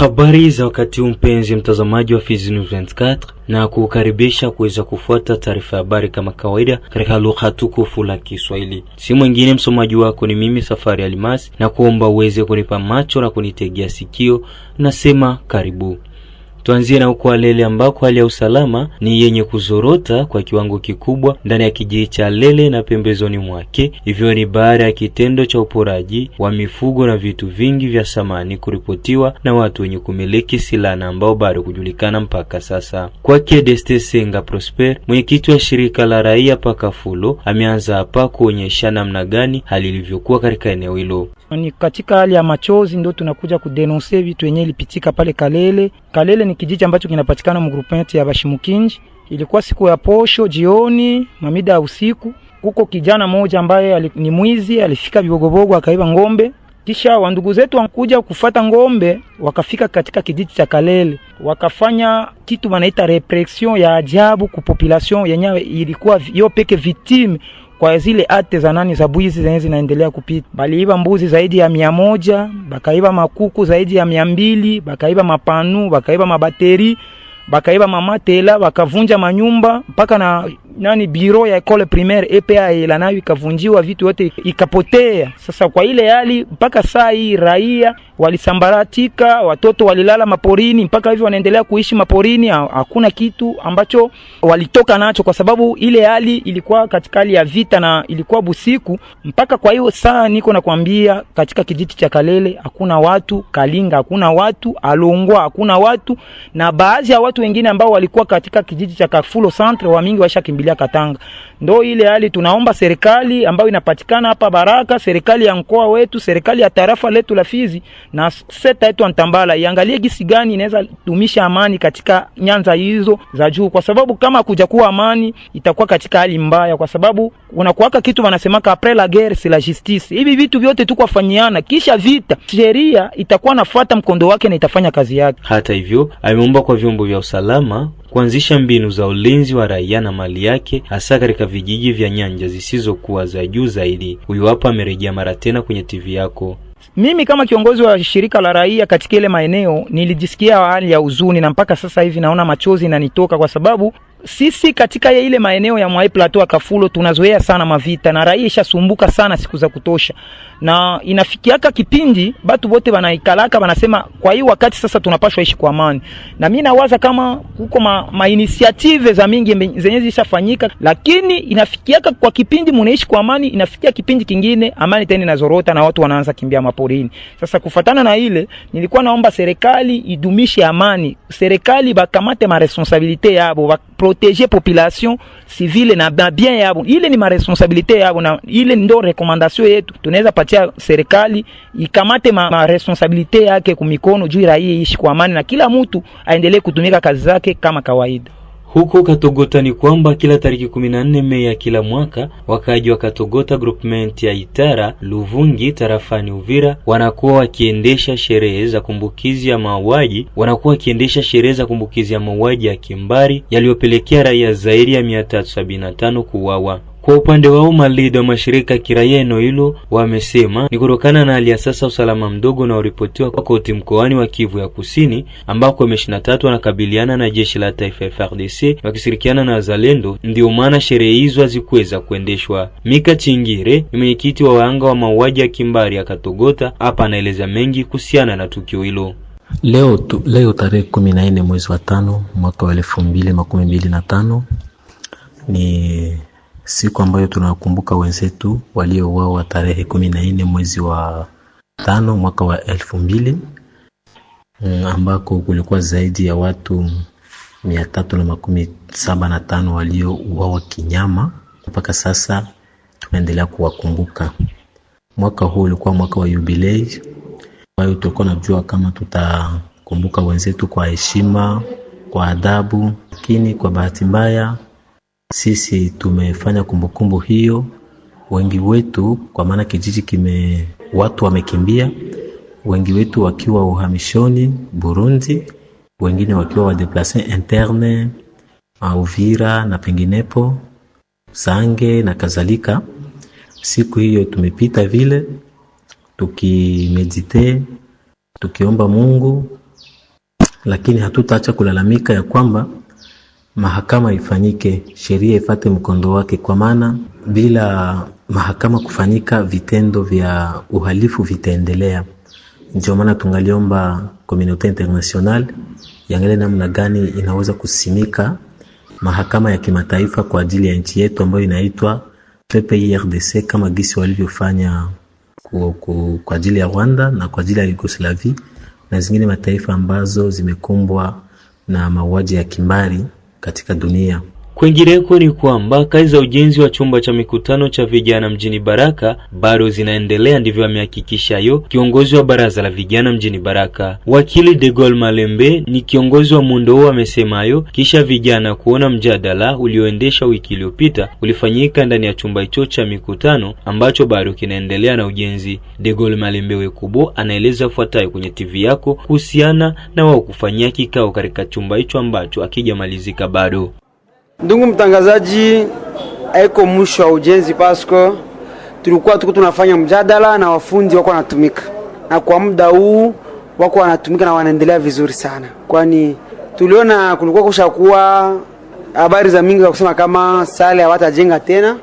Habari za wakati huu mpenzi mtazamaji wa Fizi News 24 na kukaribisha kuweza kufuata taarifa ya habari kama kawaida katika lugha tukufu la Kiswahili. Si mwingine msomaji wako ni mimi Safari Almasi, na kuomba uweze kunipa macho na kunitegea sikio, nasema karibu. Tuanzie na huko Alele ambako hali ya usalama ni yenye kuzorota kwa kiwango kikubwa ndani ya kijiji cha Alele na pembezoni mwake. Hivyo ni baada ya kitendo cha uporaji wa mifugo na vitu vingi vya samani kuripotiwa na watu wenye kumiliki silaha na ambao bado kujulikana mpaka sasa. Kwake Deste Senga Prosper, mwenyekiti wa shirika la raia Pakafulo, ameanza hapa kuonyesha namna gani hali ilivyokuwa katika eneo hilo. Ni katika hali ya machozi ndio tunakuja kudenonse vitu yenyewe ilipitika pale Kalele. Kalele ni kijiji ambacho kinapatikana mgrupenti ya Bashimukinji. Ilikuwa siku ya posho jioni, mamida ya usiku, huko kijana mmoja ambaye ni mwizi alifika Bibogobogo akaiba ng'ombe kisha wandugu zetu wankuja kufata ng'ombe, wakafika katika kijiji cha Kalele, wakafanya kitu wanaita repression ya ajabu ku population yenyewe ilikuwa yo peke victime kwa zile ate za nani za bwizi zenye zinaendelea kupita. Baliiba mbuzi zaidi ya mia moja, bakaiba makuku zaidi ya mia mbili, bakaiba mapanu, bakaiba mabateri bakaiba mama tela bakavunja manyumba mpaka na nani biro ya ekole primaire EPA ela nayo ikavunjiwa, vitu yote ikapotea. Sasa kwa ile hali, mpaka saa hii raia walisambaratika, watoto walilala maporini, mpaka hivyo wanaendelea kuishi maporini. Hakuna kitu ambacho walitoka nacho, kwa sababu ile hali ilikuwa katika hali ya vita na ilikuwa busiku mpaka. Kwa hiyo saa niko nakwambia, katika kijiji cha Kalele hakuna watu, Kalinga hakuna watu, Alongwa hakuna watu, na baadhi ya watu watu wengine ambao walikuwa katika kijiji cha Kafulo Centre wa mingi waisha kimbilia Katanga. Ndo ile hali tunaomba serikali ambayo inapatikana hapa Baraka, serikali ya mkoa wetu, serikali ya tarafa letu la Fizi na seta yetu Antambala iangalie gisi gani inaweza dumisha amani katika nyanza hizo za juu, kwa sababu kama kuja kuwa amani itakuwa katika hali mbaya, kwa sababu unakuwaka kitu wanasemaka après la guerre c'est la justice. Hivi vitu vyote tu kufanyiana kisha vita, sheria itakuwa nafuata mkondo wake na itafanya kazi yake. Hata hivyo ameomba kwa vyombo vya usalama kuanzisha mbinu za ulinzi wa raia na mali yake hasa katika vijiji vya nyanja zisizokuwa za juu zaidi. Huyu hapa amerejea mara tena kwenye TV yako. Mimi kama kiongozi wa shirika la raia katika ile maeneo nilijisikia hali ya huzuni, na mpaka sasa hivi naona machozi inanitoka kwa sababu sisi katika ile maeneo ya Mwai Plateau Kafulo tunazoea sana mavita na raia ishasumbuka sana siku za kutosha, na inafikiaka kipindi batu wote wanaikalaka wanasema, kwa hiyo wakati sasa tunapashwa ishi kwa amani. Na mimi nawaza kama huko ma, ma initiative za mingi zenye zishafanyika, lakini inafikiaka kwa kipindi mnaishi kwa amani, inafikia kipindi kingine amani tena inazorota na watu wanaanza kimbia maporini. Sasa kufatana na ile, nilikuwa naomba serikali idumishe amani, serikali bakamate ma responsabilite yabo proteger population civile na bien yabo. Ile ni maresponsabilite yabo, na ile ndo rekomandasio yetu. Tunaweza patia serikali ikamate maresponsabilite ma yake kumikono juu raia ishi kwa amani, na kila mtu aendelee kutumika kazi zake kama kawaida. Huko Katogota ni kwamba kila tariki 14 Mei ya kila mwaka wakaaji wa Katogota groupment ya Itara Luvungi tarafani Uvira wanakuwa wakiendesha sherehe za kumbukizi ya mauaji wanakuwa wakiendesha sherehe za kumbukizi ya mauaji ya kimbari yaliyopelekea raia zaidi ya 375 kuuawa. Kwa upande wao malid wa mashirika ya kiraia eneo hilo wamesema ni kutokana na hali ya sasa usalama mdogo unaoripotiwa kwa koti mkoani wa Kivu ya Kusini, ambako M23 wanakabiliana na jeshi la taifa FARDC wakishirikiana na wazalendo, ndio maana sherehe hizo hazikuweza kuendeshwa. Mika Chingire ni mwenyekiti wa wahanga wa mauaji ya kimbari ya Katogota, hapa anaeleza mengi kuhusiana na tukio hilo. Leo, tu, leo tarehe kumi na nne mwezi wa tano mwaka wa elfu mbili makumi mbili na tano ni siku ambayo tunakumbuka wenzetu waliouawa tarehe kumi na nne mwezi wa tano mwaka wa elfu mbili mm, ambako kulikuwa zaidi ya watu mia tatu na makumi saba na tano waliouawa kinyama. Mpaka sasa tunaendelea kuwakumbuka. Mwaka huu ulikuwa mwaka wa yubilei ambayo tulikuwa najua kama tutakumbuka wenzetu kwa heshima, kwa adabu, lakini kwa bahati mbaya sisi tumefanya kumbukumbu hiyo, wengi wetu, kwa maana kijiji kime watu wamekimbia, wengi wetu wakiwa uhamishoni Burundi, wengine wakiwa wadeplase interne auvira na penginepo Sange na kadhalika. Siku hiyo tumepita vile tukimedite, tukiomba Mungu, lakini hatutaacha kulalamika ya kwamba mahakama ifanyike, sheria ifate mkondo wake, kwa maana bila mahakama kufanyika vitendo vya uhalifu vitaendelea. Ndio maana tungaliomba komunote international yangele namna gani inaweza kusimika mahakama ya kimataifa kwa ajili ya nchi yetu ambayo inaitwa PPIRDC kama gisi walivyofanya kwa ajili ya Rwanda na kwa ajili ya Yugoslavia na zingine mataifa ambazo zimekumbwa na mauaji ya kimbari katika dunia Kwingineko ni kwamba kazi za ujenzi wa chumba cha mikutano cha vijana mjini Baraka bado zinaendelea, ndivyo amehakikisha yo kiongozi wa baraza la vijana mjini Baraka. Wakili De Gaulle Malembe ni kiongozi wa muundo huo, amesema hayo kisha vijana kuona mjadala ulioendesha wiki iliyopita ulifanyika ndani ya chumba hicho cha mikutano ambacho bado kinaendelea na ujenzi. De Gaulle Malembe Wekubo anaeleza fuatayo kwenye TV yako kuhusiana na wao kufanyia kikao katika chumba hicho ambacho akijamalizika bado Ndugu mtangazaji, aiko mwisho wa ujenzi Pasco. Tulikuwa tuko tunafanya mjadala na wafundi wako wanatumika, na kwa muda huu wako wanatumika na wanaendelea vizuri sana, kwani tuliona kulikuwa kushakuwa habari za mingi za kusema kama sale hawatajenga tena,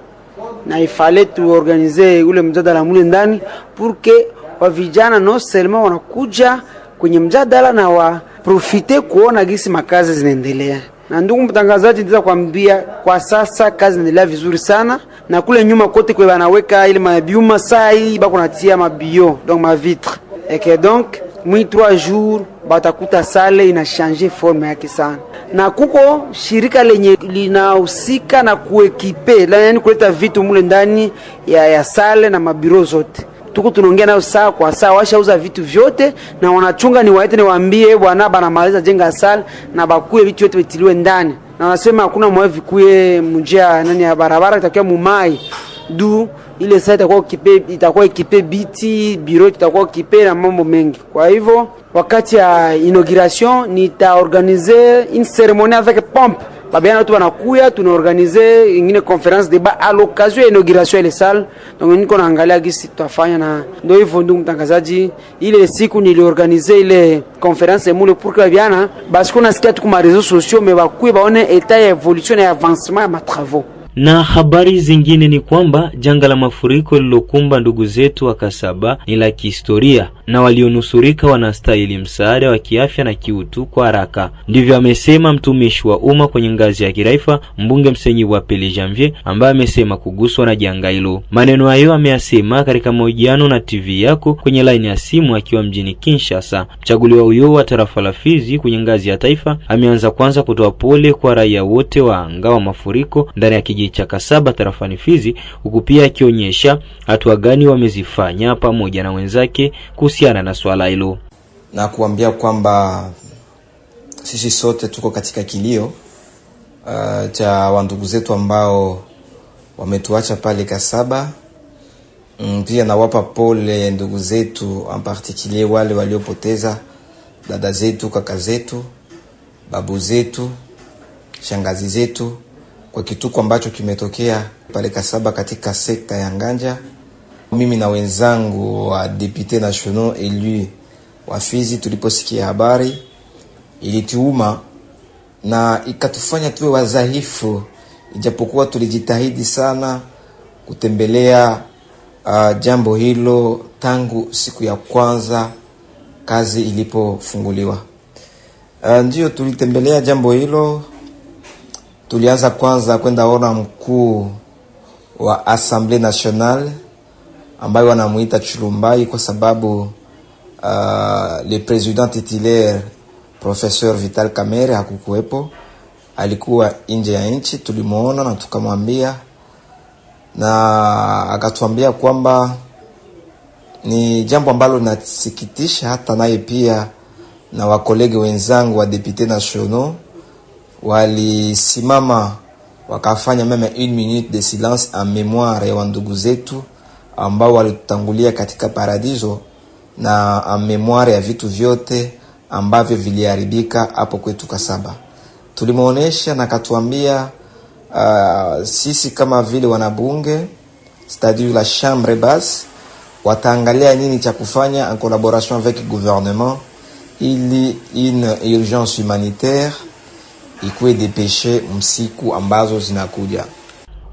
na ifale tuorganize ule mjadala mule ndani purke wa vijana no selma wanakuja kwenye mjadala na waprofite kuona gisi makazi zinaendelea. Na ndugu mtangazaji, ndiza kuambia kwa sasa kazi inaendelea vizuri sana, na kule nyuma kote kwa wanaweka ile mabiuma saa hii bako natia mabio donc ma vitre et donc mwi 3 jours batakuta sale ina changer forme yake sana, na kuko shirika lenye linahusika na kuekipe, yaani kuleta vitu mule ndani ya, ya sale na mabiro zote tuko tunaongea nayo saa kwa saa, washauza vitu vyote na wanachunga, ni waite niwaambie bwana bana jenga sala na bakuye vitu vyote vitiliwe ndani, na wanasema hakuna mwae vikuye mjia nani ya barabara itakuwa mumai du ile saa itakuwa kipe itakuwa ikipe biti biro itakuwa kipe na mambo mengi. Kwa hivyo wakati ya inauguration nitaorganize une ceremonie avec pompe babiana tu banakuya, tunaorganize ingine conference debat a l'occasion ya inauguration ile salle. Donc niko naangalia gisi tutafanya, na ndio hivyo ndugu mtangazaji, ile siku niliorganize ile conference mule pour que babiana basi kuna sikia tu kuma réseaux sociaux mais bakuye baone état ya évolution na avancement ya ma travaux na habari zingine ni kwamba janga la mafuriko lilokumba ndugu zetu wa Kasaba ni la kihistoria na walionusurika wanastahili msaada wa kiafya na kiutu kwa haraka. Ndivyo amesema mtumishi wa umma kwenye ngazi ya kiraifa mbunge Msenyi wa Pele Janvier, ambaye amesema kuguswa na janga hilo. Maneno hayo ameyasema katika mahojiano na TV yako kwenye laini ya simu akiwa mjini Kinshasa. Mchaguliwa huyo wa tarafa la Fizi kwenye ngazi ya taifa ameanza kwanza kutoa pole kwa raia wote wa anga wa mafuriko ndani ya kijiji cha Kasaba tarafani Fizi, huku pia akionyesha hatua gani wamezifanya pamoja na wenzake kuhusiana na swala hilo na kuambia kwamba sisi sote tuko katika kilio uh, cha wandugu zetu ambao wametuacha pale Kasaba. Mm, pia nawapa pole ndugu zetu, en particulier wale waliopoteza dada zetu, kaka zetu, babu zetu, shangazi zetu kwa kituko ambacho kimetokea pale Kasaba katika sekta ya Nganja. Mimi na wenzangu wa député national élu wa Fizi tuliposikia habari ilituuma na ikatufanya tuwe wadhaifu, ijapokuwa tulijitahidi sana kutembelea uh, jambo hilo tangu siku ya kwanza kazi ilipofunguliwa. Uh, ndio tulitembelea jambo hilo. Tulianza kwanza kwenda ona mkuu wa Assemblee Nationale ambayo wanamuita Chulumbai kwa sababu uh, le president titulaire Professeur Vital kamere hakukuwepo, alikuwa nje ya nchi. Tulimuona na tukamwambia, na akatuambia kwamba ni jambo ambalo linasikitisha hata naye pia na wakolege wenzangu wa député nationaux walisimama wakafanya meme une minute de silence en memoire ya wandugu zetu ambao walitutangulia katika paradiso na en memoire ya vitu vyote ambavyo viliharibika hapo kwetu Kasaba. Tulimuonesha na katuambia, uh, sisi kama vile wanabunge cest la chambre basse wataangalia nini cha kufanya en collaboration avec gouvernement ili une urgence humanitaire ikuwe depeshe msiku ambazo zinakuja.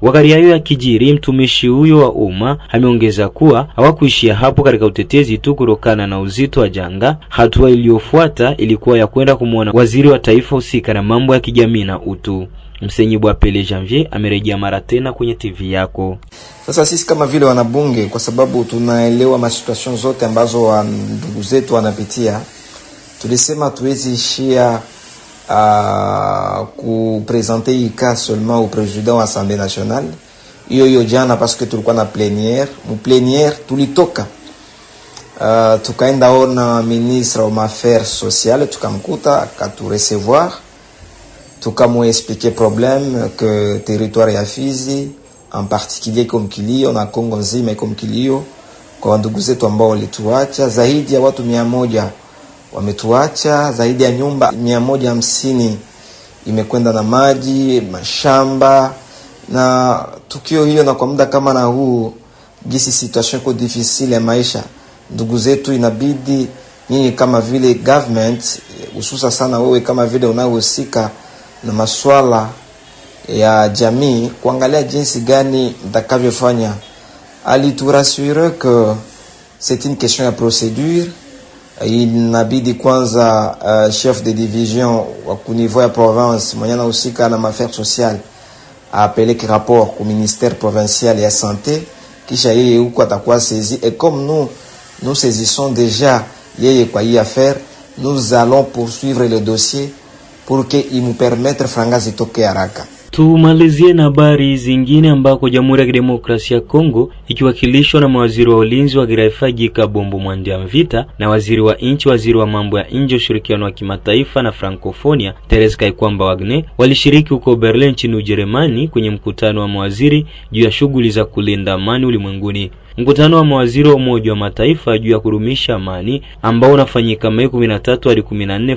Wakati hayo ya kijiri, mtumishi huyo wa umma ameongeza kuwa hawakuishia hapo katika utetezi tu. Kutokana na uzito wa janga, hatua iliyofuata ilikuwa ya kwenda kumwona waziri wa taifa husika na mambo ya kijamii na utu. Msenyi Bwa Pele Janvier amerejea mara tena kwenye TV yako. Sasa sisi kama vile wanabunge, kwa sababu tunaelewa masituasion zote ambazo ndugu zetu wanapitia, tulisema tuwezi ishia à présenter ika seulement au président de Assemblée nationale a que jana, le monde na plénière Une plénière tout tulitoka Uh, a un ministre des affaires sociales recevoir. m'a expliqué le problème que territoire est affiché, en particulier comme kilio a Congo, mais comme kilio kwa ndugu on ambao walituacha zaidi ya watu wametuacha. Zaidi ya nyumba mia moja hamsini imekwenda na maji, mashamba na tukio hiyo. Na kwa muda kama na huu gisi situation difficile ya maisha, ndugu zetu, inabidi nyinyi kama vile government, hususa sana wewe kama vile unayohusika na maswala ya jamii kuangalia jinsi gani mtakavyofanya. aliturasure que c'est une question ya procedure inabidi kwanza euh, chef de division wa de ya province mwenye anahusika na mafere sociale apeleke rapport au ministère provincial la santé, kisha yeye huko atakuwa saisi et comme nous nous saisissons déjà yeye kwa à faire, nous allons poursuivre le dossier pour que il nous permettre franga à haraka. Tumalizie na habari zingine ambako Jamhuri ya Kidemokrasia ya Kongo ikiwakilishwa na mawaziri wa ulinzi wa bombo Kabombo Mwandia Mvita na waziri wa nchi, waziri wa mambo ya nje, ushirikiano wa kimataifa na Frankofonia Therese Kaikwamba Wagne walishiriki huko Berlin nchini Ujerumani kwenye mkutano wa mawaziri juu ya shughuli za kulinda amani ulimwenguni. Mkutano wa mawaziri wa Umoja wa Mataifa juu ya kudumisha amani ambao unafanyika Mei 13 hadi 14,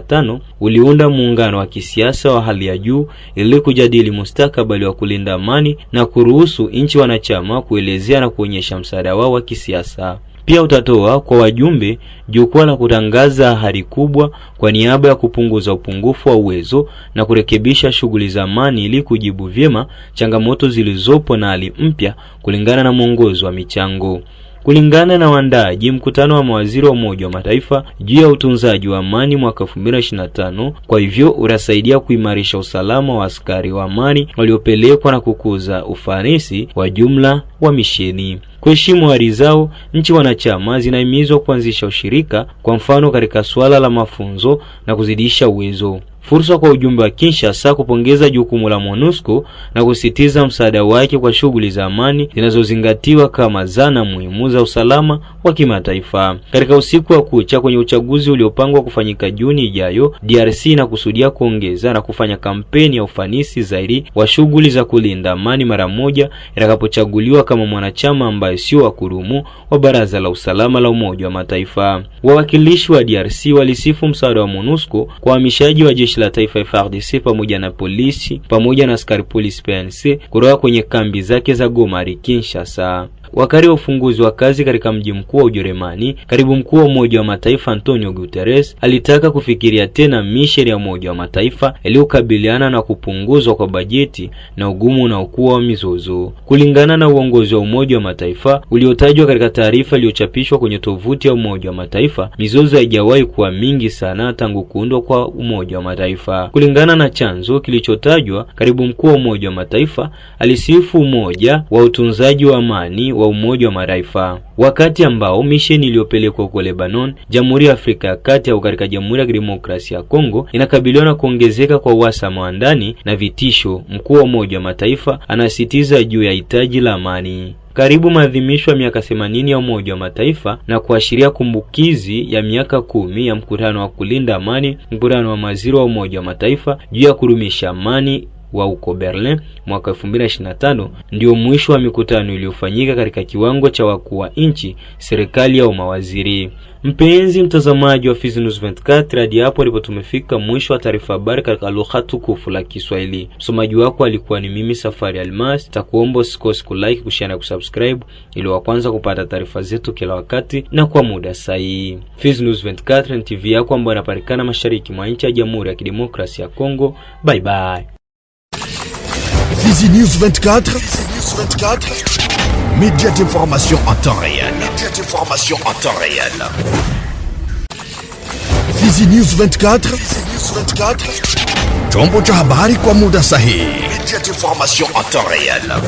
2025 uliunda muungano wa kisiasa wa hali ya juu ili kujadili mustakabali wa kulinda amani na kuruhusu nchi wanachama kuelezea na kuonyesha msaada wao wa kisiasa. Pia utatoa kwa wajumbe jukwaa la kutangaza ahadi kubwa kwa niaba ya kupunguza upungufu wa uwezo na kurekebisha shughuli za amani ili kujibu vyema changamoto zilizopo na hali mpya kulingana na mwongozo wa michango. Kulingana na waandaaji mkutano wa mawaziri wa Umoja wa Mataifa juu ya utunzaji wa amani mwaka 2025, kwa hivyo unasaidia kuimarisha usalama wa askari wa amani waliopelekwa na kukuza ufanisi wa jumla wa misheni. Kuheshimu hali zao, nchi wanachama zinahimizwa kuanzisha ushirika, kwa mfano katika suala la mafunzo na kuzidisha uwezo fursa kwa ujumbe wa Kinshasa kupongeza jukumu la MONUSCO na kusitiza msaada wake kwa shughuli za amani zinazozingatiwa kama zana muhimu za usalama wa kimataifa. Katika usiku wa kucha kwenye uchaguzi uliopangwa kufanyika Juni ijayo, DRC inakusudia kuongeza na kufanya kampeni ya ufanisi zaidi wa shughuli za kulinda amani mara moja itakapochaguliwa kama mwanachama ambaye sio wa kudumu wa Baraza la Usalama la Umoja wa Mataifa. Wawakilishi wa DRC walisifu msaada wa MONUSCO kwa uhamishaji wa jeshi jeshi la taifa frdc pamoja na polisi pamoja na askari polisi PNC kutoka kwenye kambi zake za Goma hadi Kinshasa. Wakati wa ufunguzi wa kazi katika mji mkuu wa Ujerumani, katibu mkuu wa Umoja wa Mataifa Antonio Guterres alitaka kufikiria tena misheni ya Umoja wa Mataifa iliyokabiliana na kupunguzwa kwa bajeti na ugumu unaokuwa wa mizozo. Kulingana na uongozi wa Umoja wa Mataifa uliotajwa katika taarifa iliyochapishwa kwenye tovuti ya Umoja wa Mataifa, mizozo haijawahi kuwa mingi sana tangu kuundwa kwa Umoja wa Mataifa. Kulingana na chanzo kilichotajwa, katibu mkuu wa Umoja wa Mataifa alisifu umoja wa utunzaji wa amani wa wa Umoja wa Mataifa, wakati ambao misheni iliyopelekwa huko Lebanon, Jamhuri ya Afrika ya Kati au katika Jamhuri ya Kidemokrasia ya Kongo inakabiliwa na kuongezeka kwa uhasama wa ndani na vitisho. Mkuu wa Umoja wa Mataifa anasisitiza juu ya hitaji la amani karibu maadhimisho ya miaka themanini ya Umoja wa Mataifa na kuashiria kumbukizi ya miaka kumi ya mkutano wa kulinda amani, mkutano wa maziro wa Umoja wa Mataifa juu ya kudumisha amani wa huko Berlin mwaka 2025 ndio mwisho wa mikutano iliyofanyika katika kiwango cha wakuu wa nchi, serikali au mawaziri. Mpenzi mtazamaji wa Fizi News 24, hadi hapo ndipo tumefika mwisho wa taarifa habari katika lugha tukufu la Kiswahili. Msomaji wako alikuwa ni mimi Safari Almas. Takuomba usikose kulike, kushare na kusubscribe ili wa kwanza kupata taarifa zetu kila wakati na kwa muda sahihi. Fizi News 24 ni TV yako ambayo inapatikana mashariki mwa nchi ya Jamhuri ya Kidemokrasia ya Kongo. Bye bye. Easy News 24. Easy News 24. Média d'information en temps réel. Média d'information en temps réel. Easy News 24. Easy News 24. Chombo cha Kwamuda Sahi. Média de Média d'information en temps réel.